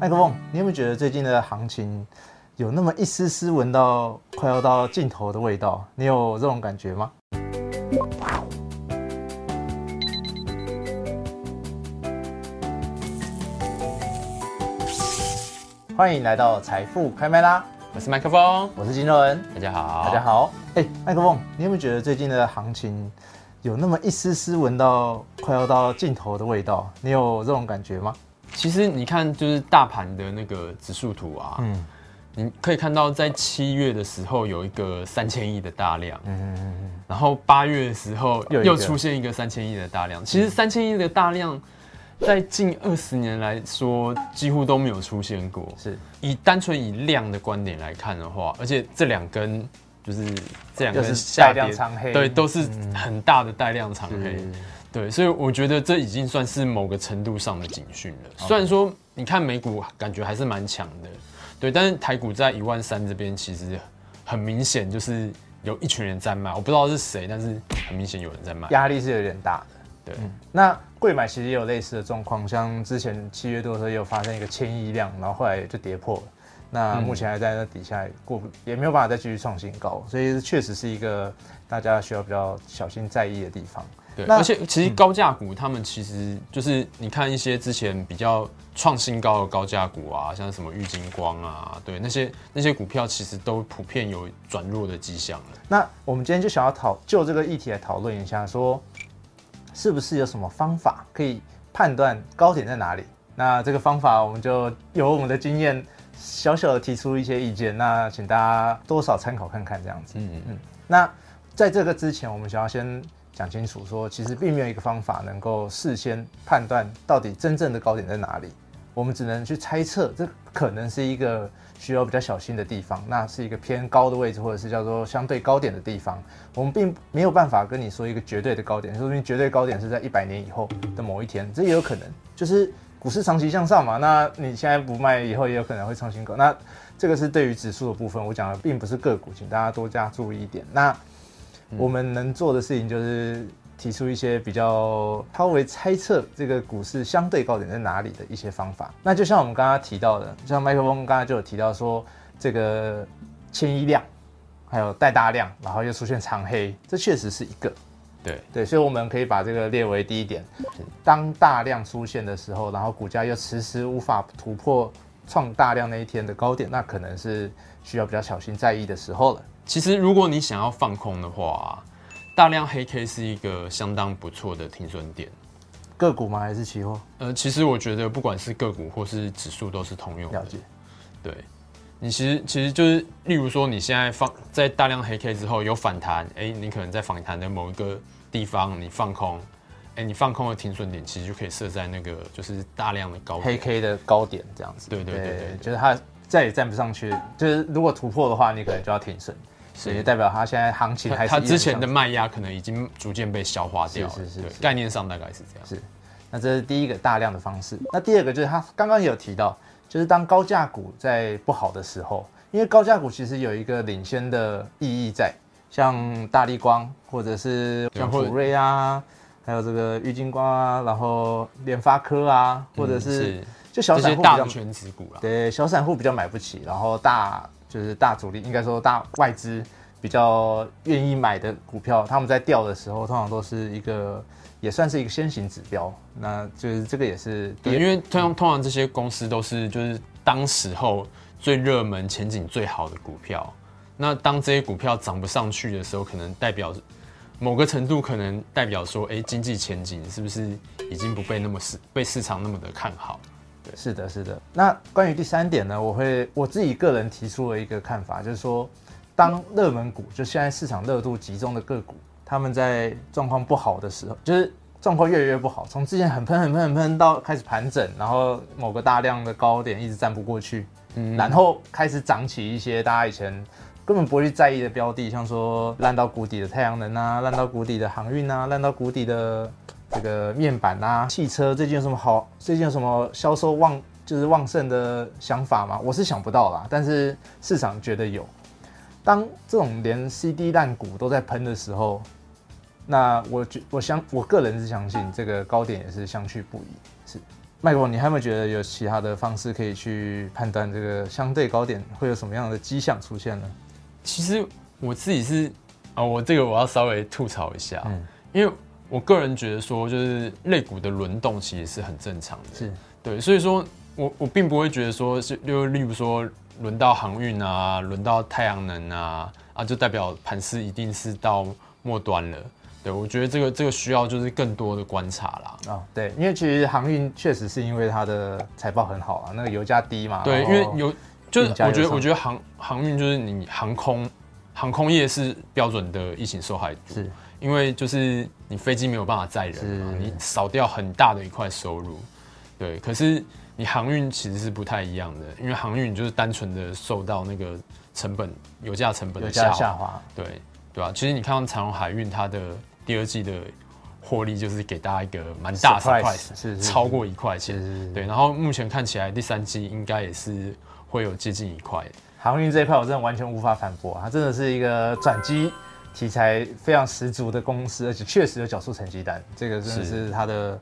麥克風，你有沒有覺得最近的行情有那麼一絲絲聞到快要到盡頭的味道？你有這種感覺嗎？歡迎來到財富開麥拉！我是麥克風，我是筋肉人，大家好，大家好。哎、欸，麥克風，你有沒有覺得最近的行情有那麼一絲絲聞到快要到盡頭的味道？你有這種感覺嗎？其實你看，就是大盤的那個指數圖啊，嗯，你可以看到在七月的時候有一個三千億的大量，然後八月的時候又出現一個三千億的大量。其實三千億的大量，在近二十年來說幾乎都沒有出現過。是以單純以量的觀點來看的話，而且這兩根就是這兩根下跌，對，都是很大的帶量長黑。對，所以我覺得這已經算是某個程度上的警訊了。雖然說你看美股感覺還是蠻強的，對，但是台股在一萬三這邊其實很明顯就是有一群人在賣，我不知道是誰，但是很明顯有人在賣，壓力是有點大的。對，嗯、那櫃買其實也有類似的狀況，像之前七月多的時候也有發生一個千億量，然後後來就跌破了。那目前還在那底下過，嗯、也沒有辦法再繼續創新高，所以確實是一個大家需要比較小心在意的地方。對，那而且其實高價股他們其實就是你看一些之前比較創新高的高價股啊，像什麼玉晶光啊，對，那些那些股票其實都普遍有轉弱的跡象了。那我們今天就想要討就這個議題來討論一下說，說是不是有什麼方法可以判斷高點在哪裡？那這個方法我們就有我們的經驗。嗯小小的提出一些意見，那請大家多少參考看看這樣子。嗯嗯嗯。那在這個之前，我們想要先講清楚，說其實並沒有一個方法能夠事先判斷到底真正的高點在哪裡，我們只能去猜測。這可能是一個需要比較小心的地方，那是一個偏高的位置，或者是叫做相對高點的地方。我們並沒有辦法跟你說一個絕對的高點，說不定絕對高點是在一百年以後的某一天，這也有可能。就是。股市長期向上嘛，那你現在不賣，以後也有可能會創新高。那這個是對於指數的部分，我講的並不是個股，請大家多加注意一點。那我們能做的事情就是提出一些比較稍微猜測這個股市相對高點在哪裡的一些方法。那就像我們剛剛提到的，像麥克風剛剛就有提到說這個千億量，還有帶大量，然後又出現長黑，這確實是一個。對，對。所以我們可以把這個列為第一點。當大量出現的時候，然後股價又遲遲無法突破創大量那一天的高點，那可能是需要比較小心在意的時候了。其實，如果你想要放空的話，大量黑 K 是一個相當不錯的停損點。個股嗎？還是期貨？呃，其實我覺得，不管是個股或是指數，都是通用的。了解。對。你其實其實就是，例如說你現在放在大量黑 K 之後有反彈，哎、欸，你可能在反彈的某一個地方你放空，哎、欸，你放空的停損點其實就可以設在那個就是大量的高黑 K 的高點這樣子。對對對，對，對，對，對，對，就是它再也站不上去，就是如果突破的話，你可能就要停損，對所以代表它現在行情還是它，它之前的賣壓可能已經逐漸被消化掉了，是是，概念上大概是這樣。是，那這是第一個大量的方式，那第二個就是它剛剛也有提到。就是當高價股在不好的時候，因為高價股其實有一個領先的意義在，像大立光或者是像譜瑞啊，還有這個玉晶光啊，然後聯發科啊，嗯、或者是就小散戶比較權值股了，對，小散戶比較買不起，然後大就是大主力，應該說大外資。比較願意買的股票，他們在掉的時候，通常都是一個，也算是一個先行指標。那就是這個也是對，因為通常通常這些公司都是就是當時候最熱門、前景最好的股票。那當這些股票漲不上去的時候，可能代表某個程度，可能代表說，哎、欸，經濟前景是不是已經不被那麼市被市場那麼的看好？對，是的，是的。那關於第三點呢，我會我自己個人提出了一個看法，就是說。當熱門股，就現在市場熱度集中的個股，他們在狀況不好的時候，就是狀況越來越不好，從之前很噴很噴很噴到開始盤整，然後某個大量的高點一直站不過去，嗯，然後開始漲起一些大家以前根本不會去在意的標的，像說爛到谷底的太陽能啊，爛到谷底的航運啊，爛到谷底的這個面板啊，汽車最近有什麼好？最近有什麼銷售旺就是旺盛的想法嗎？我是想不到啦，但是市場覺得有。當這種連 DR 爛股都在噴的時候，那我覺，我相，我個人是相信這個高點也是相去不已。是，麥克，你還有沒有覺得有其他的方式可以去判斷這個相對高點會有什麼樣的跡象出現呢？其實我自己是啊、哦，我這個我要稍微吐槽一下，嗯、因為我個人覺得說，就是類股的輪動其實是很正常的，是對，所以說我我並不會覺得說是，就例如說。輪到航運啊，輪到太陽能啊，啊，就代表盤勢一定是到末端了。對，我覺得這個這個需要就是更多的觀察啦。啊、哦，對，因為其實航運確實是因為它的財報很好啊，那個油價低嘛。對，油因為油就是我覺得，我覺得航航運就是你航空航空業是標準的疫情受害者，是因為就是你飛機沒有辦法載人，啊、你少掉很大的一塊收入。對，可是。你航運其實是不太一樣的，因為航運就是單純的受到那個成本、油價成本的下滑，對對啊，其實你看到長榮海運它的第二季的獲利，就是給大家一個蠻大的一塊，是是，是超過一塊錢，對，然後目前看起來第三季應該也是會有接近一塊。航運這一塊我真的完全無法反駁，它真的是一個轉機題材非常十足的公司，而且確實有繳出成績單，這個真的是它的。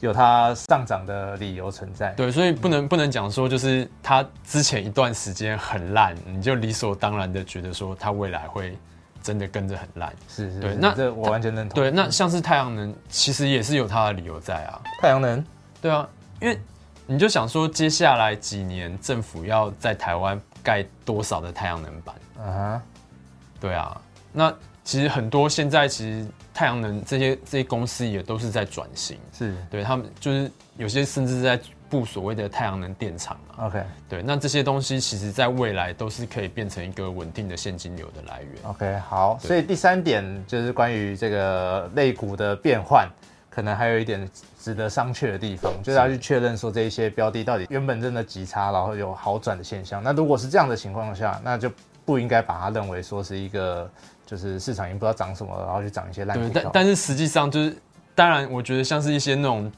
有它上漲的理由存在，對，所以不能、嗯、不能講說，就是它之前一段時間很爛，你就理所當然的覺得說它未來會真的跟着很爛，是是，是，是對，那這我完全認同。對，那像是太陽能，其實也是有它的理由在啊。太陽能，對啊，因為你就想說，接下來幾年政府要在台灣蓋多少的太陽能板？啊、uh，huh. 對啊，那。其實很多現在其實太陽能這些這些公司也都是在轉型，是對，他們就是有些甚至在布所謂的太陽能電廠 OK，對，那這些東西其實在未來都是可以變成一個穩定的現金流的來源。OK，好，對所以第三點就是關於這個類股的變換，可能還有一點值得商榷的地方，就是要去確認說，這一些標的到底原本真的極差，然後有好轉的現象。那如果是這樣的情況下，那就。不應該把它認為說是一個，就是市場已經不知道漲什麼了，然後去漲一些爛票。對，但但是實際上就是，當然我覺得像是一些那種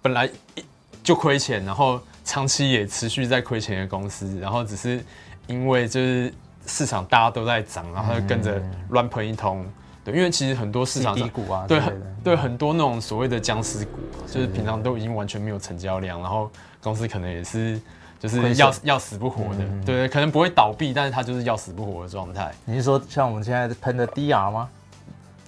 本來就虧錢，然後長期也持續在虧錢的公司，然後只是因為就是市場大家都在漲，然後就跟着亂噴一通。嗯、對，因為其實很多市場 DR 股啊，對，對，對很多那種所謂的殭屍股，就是平常都已經完全沒有成交量，然後公司可能也是。就是要是要死不活的，嗯嗯，對可能不會倒閉，但是它就是要死不活的狀態。你是說像我們現在噴的 DR 嗎？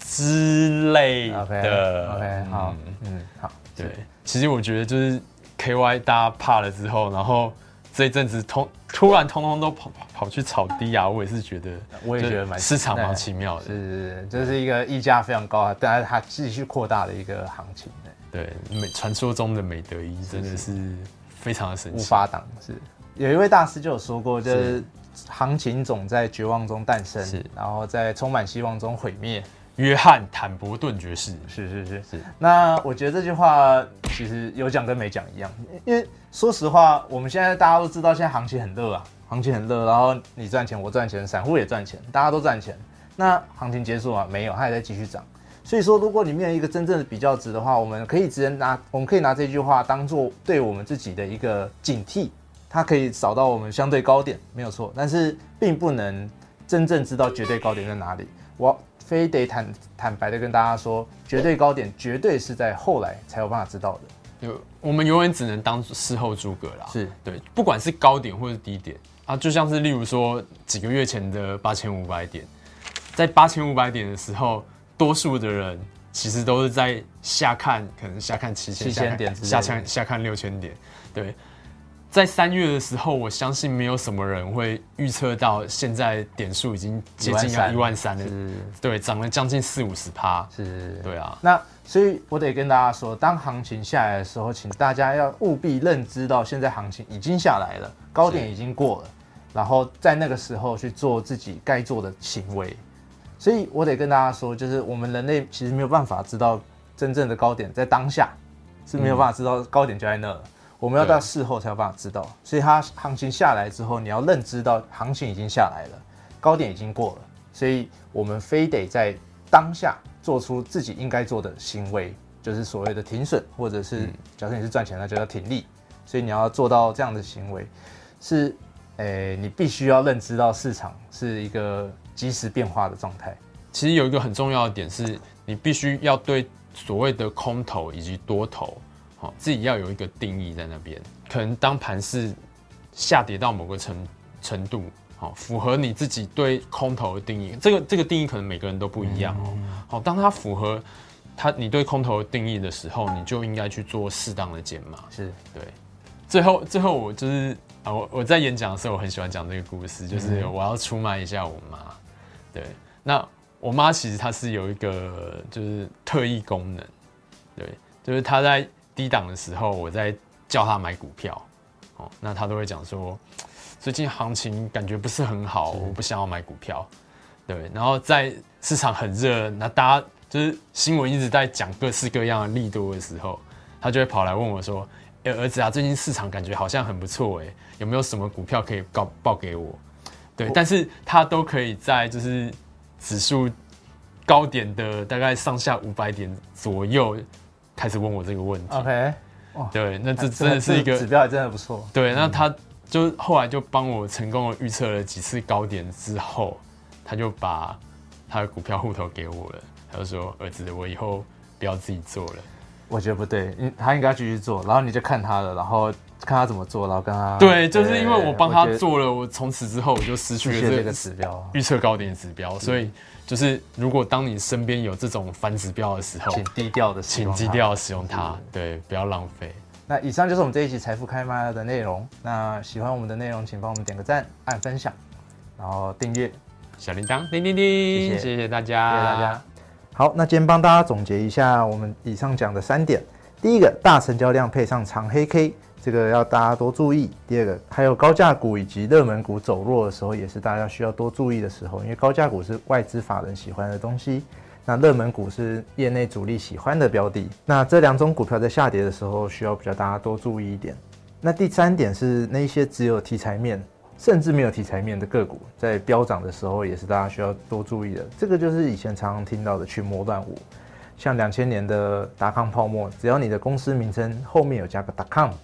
之類的。Okay, OK，好，嗯，嗯，好，對。是其實我覺得就是 KY 大家怕了之後，然後這一陣子通突然通通都跑跑去炒 DR，我也是覺得，我也覺得市場蠻奇妙的。是是是，就是一個溢價非常高，但是它繼續擴大的一個行情。對，美傳說中的美德醫真的，就是，是，是。非常的神奇，無法擋。是，有一位大師就有說過，就是行情總在絕望中誕生，是，然後在充滿希望中毀滅。約翰·坦伯頓爵士，是是是是。是是是是，那我覺得這句話其實有講跟沒講一樣，因為說實話，我們現在大家都知道，現在行情很熱啊，行情很熱，然後你賺錢，我賺錢，散戶也賺錢，大家都賺錢。那行情結束了？啊，沒有，它還在繼續漲。所以說，如果裡面有一個真正的比較值的話，我們可以直接拿，我們可以拿這句話當做對我們自己的一個警惕。它可以找到我們相對高點，沒有錯，但是並不能真正知道絕對高點在哪裡。我非得坦坦白的跟大家說，絕對高點絕對是在後來才有辦法知道的。就我們永遠只能當事後諸葛啦。是對，不管是高點或是低點啊，就像是例如說幾個月前的八千五百點，在八千五百點的時候，多數的人其實都是在下看，可能下看七千、七千點之類的，下，下看下看六千點。對，在三月的時候，我相信沒有什麼人會預測到現在點數已經接近要一萬三了。是。對，漲了將近四五十趴。是，對啊。那所以我得跟大家說，當行情下來的時候，請大家要務必認知到，現在行情已經下來了，高點已經過了，是。然後在那個時候去做自己該做的行為。所以我得跟大家說，就是我們人類其實沒有辦法知道真正的高點在當下是沒有辦法知道高點就在那了，我們要到事後才有辦法知道。所以它行情下來之後，你要認知到行情已經下來了，高點已經過了。所以我們非得在當下做出自己應該做的行為，就是所謂的停損，或者是假設你是賺錢，那就要停利。所以你要做到這樣的行為，是誒、欸，你必須要認知到市場是一個。即時變化的狀態，其實有一個很重要的點是，你必須要對所謂的空頭以及多頭，好，自己要有一個定義在那邊。可能當盤勢下跌到某個程程度，好，符合你自己對空頭的定義，這個這個定義可能每個人都不一樣、喔、好，當它符合它你對空頭的定義的時候，你就應該去做適當的減碼是。是對。最後最後我就是啊，我我在演講的時候，我很喜歡講這個故事，就是我要出賣一下我媽。對，那我媽其實她是有一個就是特異功能，對，就是她在低檔的時候，我在叫她買股票，哦，那她都會講說，最近行情感覺不是很好，是我不想要買股票，對，然後在市場很熱，那大家就是新聞一直在講各式各樣的利多的時候，她就會跑來問我說，哎、欸，兒子啊，最近市場感覺好像很不錯哎，有沒有什麼股票可以告報給我？對，但是他都可以在就是指數高點的大概上下五百點左右開始問我這個問題。OK，oh，對，那這真的是一個指標，還真的不錯。對，那他就後來就幫我成功地預測了幾次高點之後，他就把他的股票戶頭給我了。他就說：“兒子，我以後不要自己做了。”我覺得不對，他應該要繼續做，然後你就看他的，然後。看他怎麼做，然後跟他對，就是因為我幫他做了，我從此之後我就失去了這，這個指標，預測高點指標，是所以就是如果當你身邊有這種反指標的時候，請低調的使用，請低調使用它，是對，不要浪費。那以上就是我們這一期財富開麥拉的內容。那喜歡我們的內容，請幫我們點個讚、按分享，然後訂閱小鈴鐺，叮叮叮！謝謝,謝謝大家，謝謝大家。好，那今天幫大家總結一下我們以上講的三點。第一個大成交量配上長黑 K，這個要大家多注意。第二個還有高價股以及熱門股走弱的時候，也是大家需要多注意的時候。因為高價股是外資法人喜歡的東西，那熱門股是業內主力喜歡的標的。那這兩種股票在下跌的時候，需要比較大家多注意一點。那第三點是那些只有題材面，甚至沒有題材面的個股，在飆漲的時候，也是大家需要多注意的。這個就是以前常常聽到的“群魔亂舞”。像兩千年的達康泡沫，只要你的公司名稱後面有加個達康，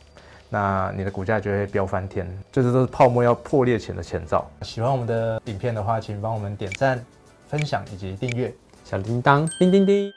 那你的股價就會飆翻天。就這些都是泡沫要破裂前的前兆。喜歡我們的影片的話，請幫我們點贊、分享以及訂閱。小叮噹，叮叮叮。